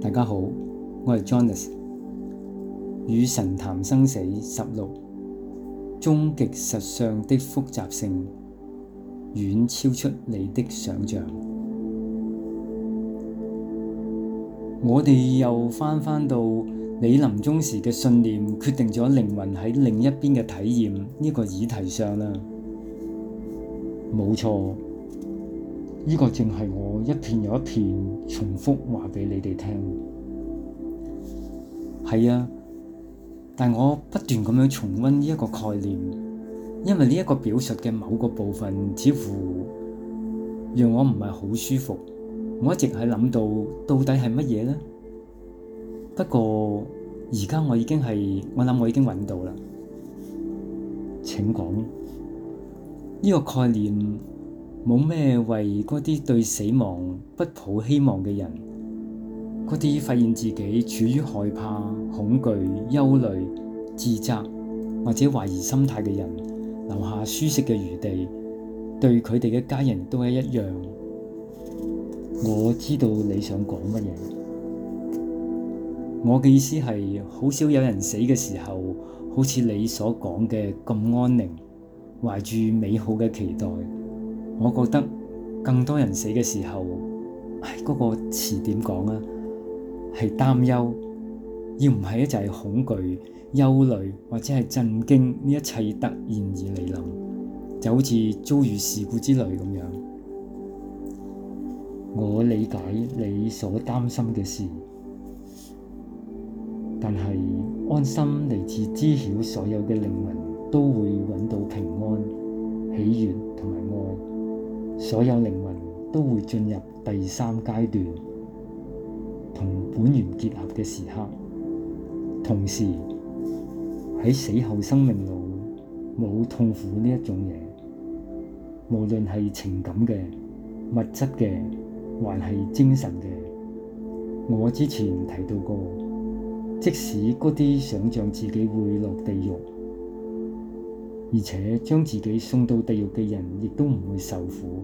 大家好，我係 Jonas，與神談生死十六，終極實相的複雜性，遠超出你的想象。我哋又翻返到你臨終時嘅信念決定咗靈魂喺另一邊嘅體驗呢個議題上啦。冇錯，呢個正係我一遍又一遍重複話畀你哋聽。係啊，但我不斷咁樣重溫呢一個概念，因為呢一個表述嘅某個部分，似乎讓我唔係好舒服。我一直喺諗到，到底係乜嘢呢？不過而家我已經係，我諗我已經揾到啦請講。呢個概念冇咩為嗰啲對死亡不抱希望嘅人，嗰啲發現自己處於害怕、恐懼、憂慮、自責或者懷疑心態嘅人，留下舒適嘅餘地，對佢哋嘅家人都係一樣。我知道你想講乜嘢，我嘅意思係好少有人死嘅時候好似你所講嘅咁安寧。懷住美好嘅期待，我覺得更多人死嘅時候，嗰、哎嗰個詞點講啊？係擔憂，要唔係一就係恐懼、憂慮或者係震驚呢一切突然而嚟臨，就好似遭遇事故之類咁樣。我理解你所擔心嘅事，但係安心嚟自知曉所有嘅靈魂。都會揾到平安、喜悅同埋愛，所有靈魂都會進入第三階段同本源結合嘅時刻。同時喺死後生命路冇痛苦呢一種嘢，無論係情感嘅、物質嘅，還係精神嘅。我之前提到過，即使嗰啲想像自己會落地獄，而且將自己送到地獄嘅人，亦都唔會受苦，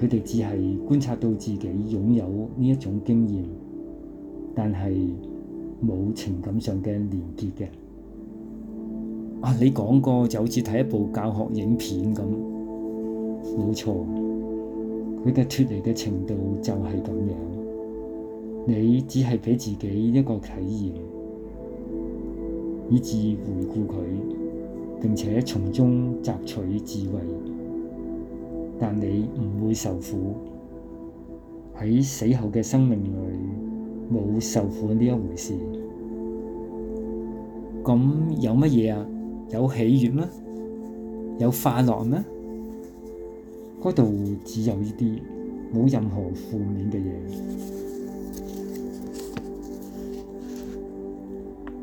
佢哋只係觀察到自己擁有呢一種經驗，但係冇情感上嘅連結嘅。啊，你講過就好似睇一部教學影片咁，冇錯，佢嘅脫離嘅程度就係咁樣。你只係畀自己一個體驗，以至回顧佢。並且從中摘取智慧，但你唔會受苦。喺死後嘅生命裏冇受苦呢一回事。咁有乜嘢啊？有喜悅咩？有快樂咩？嗰度只有呢啲，冇任何負面嘅嘢，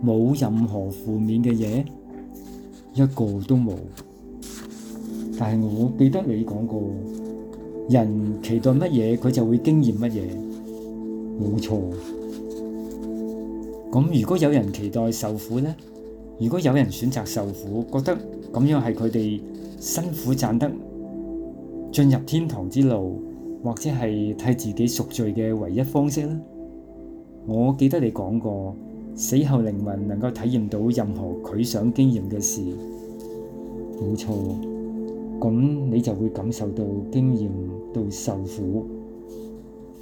冇任何負面嘅嘢。一個都冇，但係我記得你講過，人期待乜嘢，佢就會經驗乜嘢，冇錯。咁如果有人期待受苦呢，如果有人選擇受苦，覺得咁樣係佢哋辛苦賺得進入天堂之路，或者係替自己贖罪嘅唯一方式呢，我記得你講過？死後靈魂能夠體驗到任何佢想經驗嘅事，冇錯。咁你就會感受到經驗到受苦，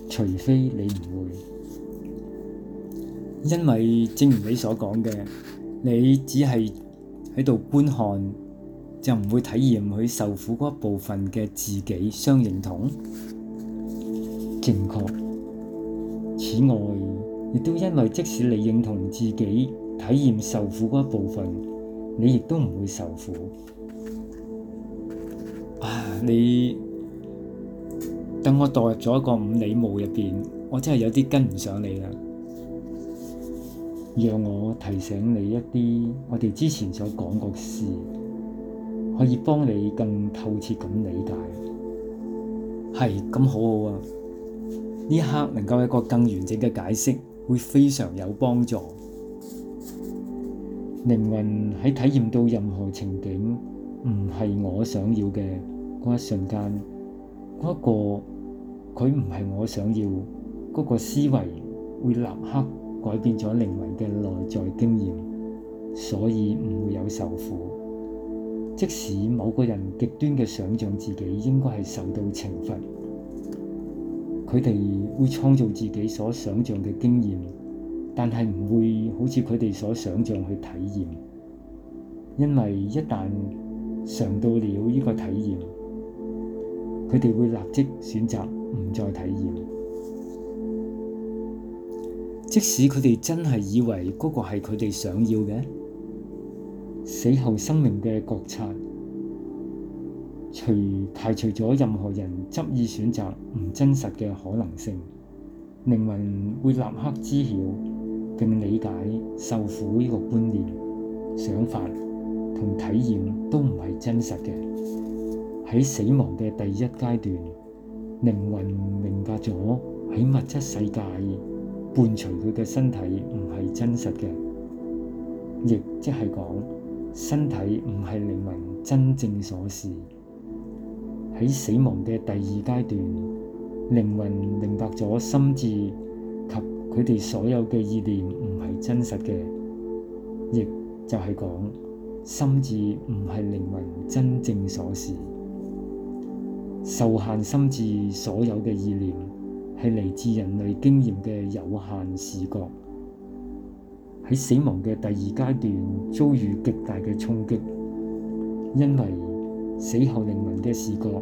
除非你唔會，因為正如你所講嘅，你只係喺度觀看，就唔會體驗佢受苦嗰一部分嘅自己相認同。正確。此外。亦都因為即使你認同自己體驗受苦嗰一部分，你亦都唔會受苦。啊！你等我墮入咗一個五里霧入邊，我真係有啲跟唔上你啦。讓我提醒你一啲我哋之前所講過嘅事，可以幫你更透徹咁理解。係咁，好好啊！呢一刻能夠有一個更完整嘅解釋，會非常有幫助。靈魂喺體驗到任何情景唔係我想要嘅嗰一瞬間，嗰、嗰、一個佢唔係我想要嗰、嗰個思維，會立刻改變咗靈魂嘅內在經驗，所以唔會有受苦。即使某個人極端嘅想象自己應該係受到懲罰。佢哋會創造自己所想象嘅經驗，但係唔會好似佢哋所想象去體驗，因為一旦嘗到了呢個體驗，佢哋會立即選擇唔再體驗。即使佢哋真係以為嗰個係佢哋想要嘅，死後生命嘅國策。除排除咗任何人執意選擇唔真實嘅可能性，靈魂會立刻知曉並理解受苦呢個觀念、想法同體驗都唔係真實嘅。喺死亡嘅第一階段，靈魂明白咗喺物質世界伴隨佢嘅身體唔係真實嘅，亦即係講身體唔係靈魂真正所是。喺死亡嘅第二階段，靈魂明白咗心智及佢哋所有嘅意念唔係真實嘅，亦就係講心智唔係靈魂真正所事，受限心智所有嘅意念係嚟自人類經驗嘅有限視覺。喺死亡嘅第二階段遭遇極大嘅衝擊，因為死後靈魂嘅視覺。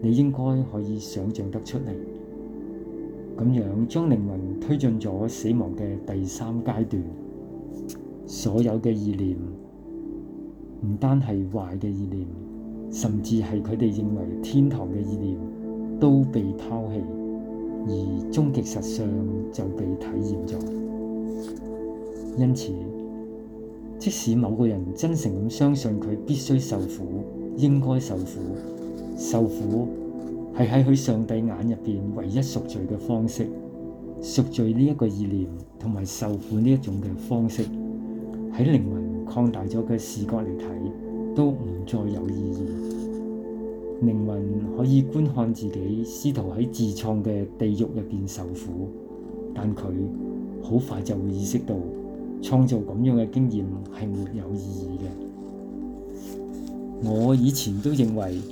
你應該可以想象得出嚟，咁樣將靈魂推進咗死亡嘅第三階段，所有嘅意念，唔單係壞嘅意念，甚至係佢哋認為天堂嘅意念都被拋棄，而終極實相就被體驗咗。因此，即使某個人真誠咁相信佢必須受苦，應該受苦。受苦係喺佢上帝眼入邊唯一贖罪嘅方式，贖罪呢一個意念同埋受苦呢一種嘅方式，喺靈魂擴大咗嘅視角嚟睇，都唔再有意義。靈魂可以觀看自己試圖喺自創嘅地獄入邊受苦，但佢好快就會意識到創造咁樣嘅經驗係沒有意義嘅。我以前都認為。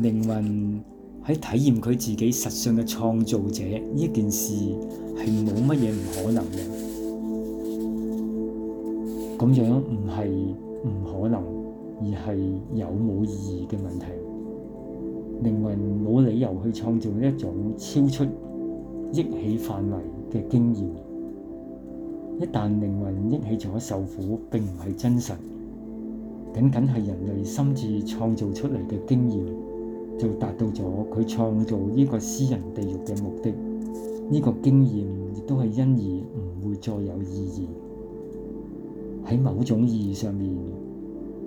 靈魂喺體驗佢自己實相嘅創造者呢件事係冇乜嘢唔可能嘅，咁樣唔係唔可能，而係有冇意義嘅問題。靈魂冇理由去創造一種超出憶起範圍嘅經驗。一旦靈魂憶起咗受苦，並唔係真實，僅僅係人類心智創造出嚟嘅經驗。就達到咗佢創造呢個私人地獄嘅目的，呢、這個經驗亦都係因而唔會再有意義。喺某種意義上面，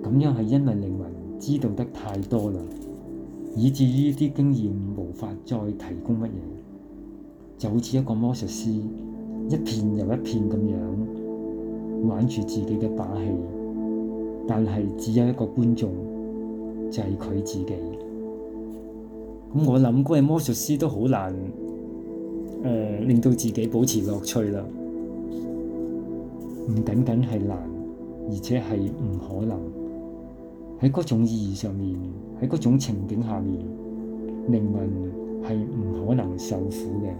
咁樣係因為靈魂知道得太多啦，以至於啲經驗無法再提供乜嘢。就好似一個魔術師，一片又一片咁樣玩住自己嘅把戲，但係只有一個觀眾，就係、是、佢自己。咁我諗，嗰位魔術師都好難，呃，令到自己保持樂趣啦。唔僅僅係難，而且係唔可能。喺嗰種意義上面，喺嗰種情景下面，靈魂係唔可能受苦嘅。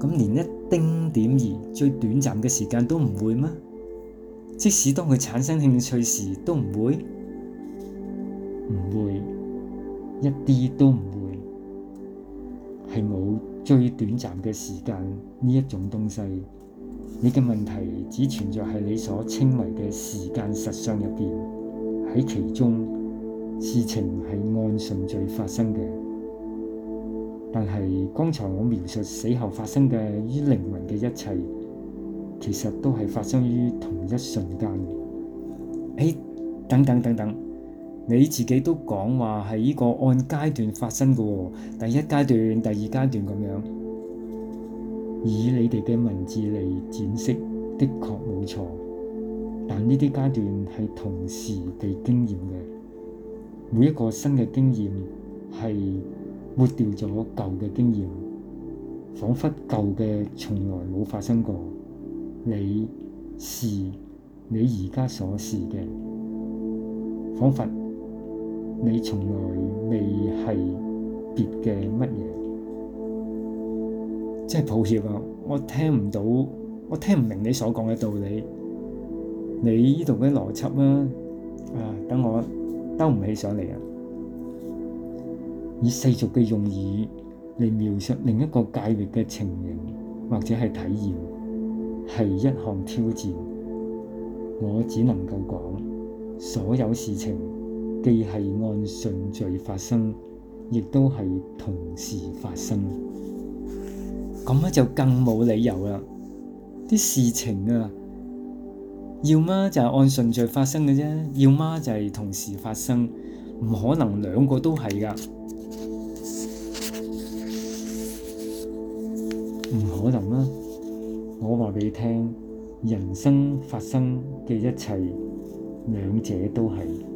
咁連一丁點兒最短暫嘅時間都唔會咩？即使當佢產生興趣時，都唔會，唔會。一啲都唔會，係冇最短暫嘅時間呢一種東西。你嘅問題只存在係你所稱為嘅時間實相入邊，喺其中事情係按順序發生嘅。但係剛才我描述死後發生嘅於靈魂嘅一切，其實都係發生於同一瞬間。哎，等等等等。你自己都講話係呢個按階段發生嘅喎。哦，第一階段、第二階段咁樣，以你哋嘅文字嚟展示，的確冇錯。但呢啲階段係同時地經驗嘅，每一個新嘅經驗係抹掉咗舊嘅經驗，彷彿舊嘅從來冇發生過。你是你而家所是嘅，彷彿。你從來未係別嘅乜嘢，即係抱歉啊。我聽唔到，我聽唔明你所講嘅道理，你呢度嘅邏輯啦、啊，啊，等我兜唔起上嚟啊！以世俗嘅用語嚟描述另一個界域嘅情形或者係體驗，係一項挑戰。我只能夠講，所有事情，既係按順序發生，亦都係同時發生。咁咧就更冇理由啦！啲事情啊，要嗎就係按順序發生嘅啫，要嗎就係同時發生，唔可能兩個都係噶，唔可能啦、啊！我話畀你聽，人生發生嘅一切，兩者都係。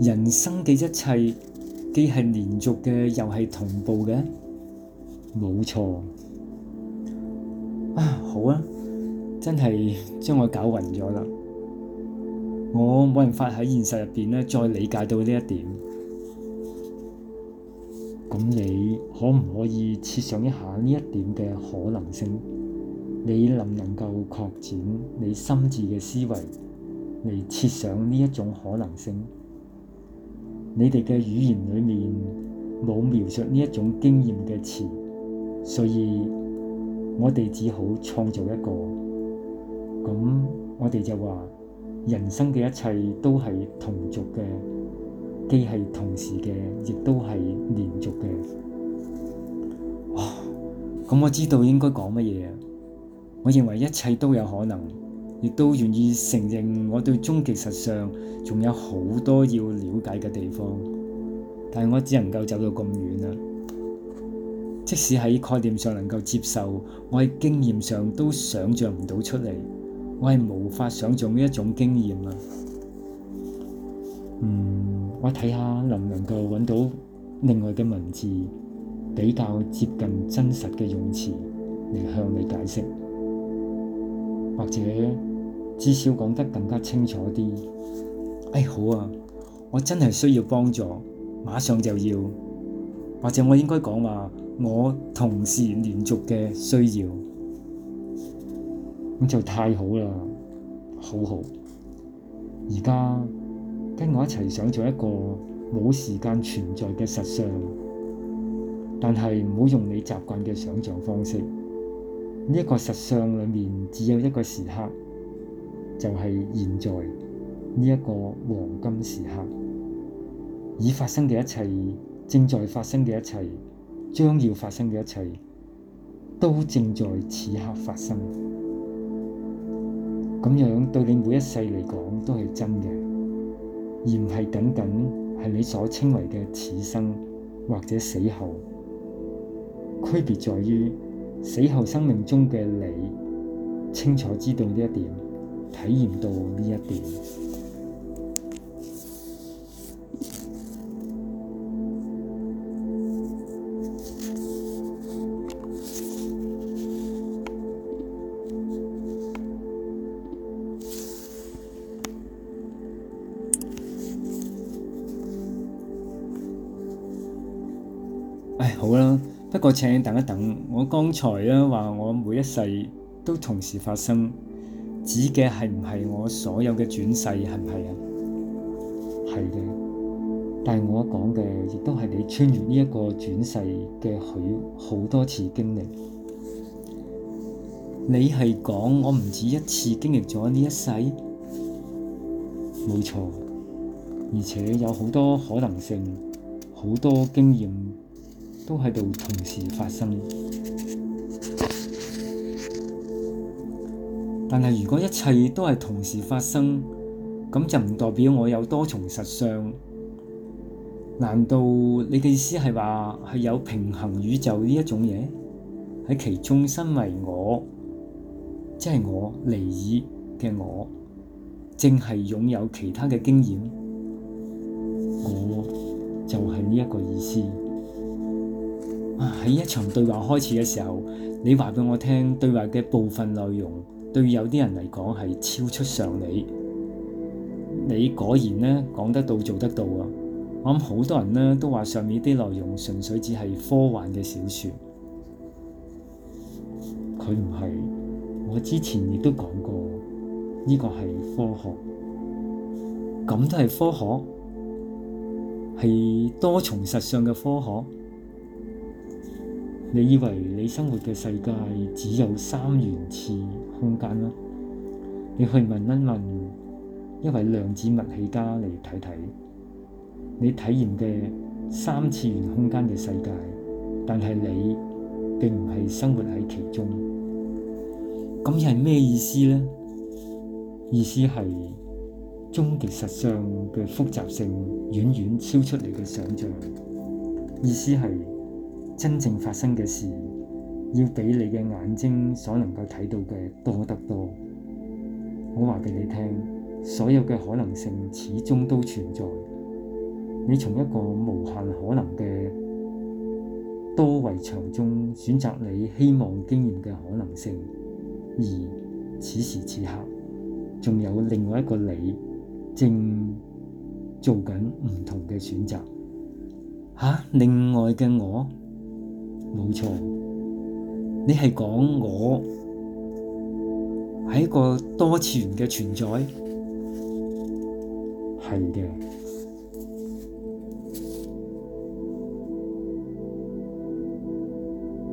人生嘅一切既係連續嘅，又係同步嘅，冇錯啊！好啊，真係將我搞混搞暈咗啦！我冇辦法喺現實入邊咧再理解到呢一點。咁你可唔可以設想一下呢一點嘅可能性？你能唔能夠擴展你心智嘅思維嚟設想呢一種可能性？你哋嘅語言裏面冇描述呢一種經驗嘅詞，所以我哋只好創造一個。咁我哋就話人生嘅一切都係同續嘅，既係同時嘅，亦都係連續嘅。哇、哦！咁我知道應該講乜嘢。我認為一切都有可能。亦都願意承認，我對終極實相仲有好多要了解嘅地方，但係我只能夠走到咁遠啦。即使喺概念上能夠接受，我喺經驗上都想像唔到出嚟，我係無法想像呢一種經驗啊。嗯，我睇下能唔能夠揾到另外嘅文字比較接近真實嘅用詞嚟向你解釋，或者？至少講得更加清楚啲。哎，好啊，我真係需要幫助，馬上就要，或者我應該講話我同時連續嘅需要，咁就太好啦，好好。而家跟我一齊想像一個冇時間存在嘅實相，但係唔好用你習慣嘅想象方式。呢一個實相裡面只有一個時刻。就係現在呢一個黃金時刻，已發生嘅一切，正在發生嘅一切，將要發生嘅一切，都正在此刻發生。咁樣對你每一世嚟講都係真嘅，而唔係僅僅係你所稱為嘅此生或者死後。區別在於死後生命中嘅你，清楚知道呢一點。體驗到呢一點。哎，好啦，不過請等一等，我剛才啊，話我每一世都同時發生。指嘅係唔係我所有嘅轉世，係唔係啊？係嘅，但係我講嘅亦都係你穿越呢一個轉世嘅許好多次經歷。你係講我唔止一次經歷咗呢一世？冇錯，而且有好多可能性，好多經驗都喺度同時發生。但係如果一切都係同時發生，咁就唔代表我有多重實相。難道你嘅意思係話係有平衡宇宙呢一種嘢？喺其中身為我，即係我離耳嘅我，淨係擁有其他嘅經驗。我就係呢一個意思。喺、啊、一場對話開始嘅時候，你話畀我聽對話嘅部分內容。對有啲人嚟講係超出常理，你果然呢，講得到做得到啊！我諗好多人呢，都話上面啲內容純粹只係科幻嘅小說，佢唔係。我之前亦都講過，呢個係科學，咁都係科學，係多重實相嘅科學。你以為你生活嘅世界只有三元次？空間啦，你去問一問，一位量子物器家嚟睇睇，你體驗嘅三次元空間嘅世界，但係你並唔係生活喺其中，咁又係咩意思呢？意思係終極實相嘅複雜性遠遠超出你嘅想像，意思係真正發生嘅事。要比你嘅眼睛所能夠睇到嘅多得多。我話俾你聽，所有嘅可能性始終都存在。你從一個無限可能嘅多維場中選擇你希望經驗嘅可能性，而此時此刻，仲有另外一個你正做緊唔同嘅選擇。嚇、啊，另外嘅我，冇錯。沒錯。你係講我係一個多次元嘅存在，係嘅。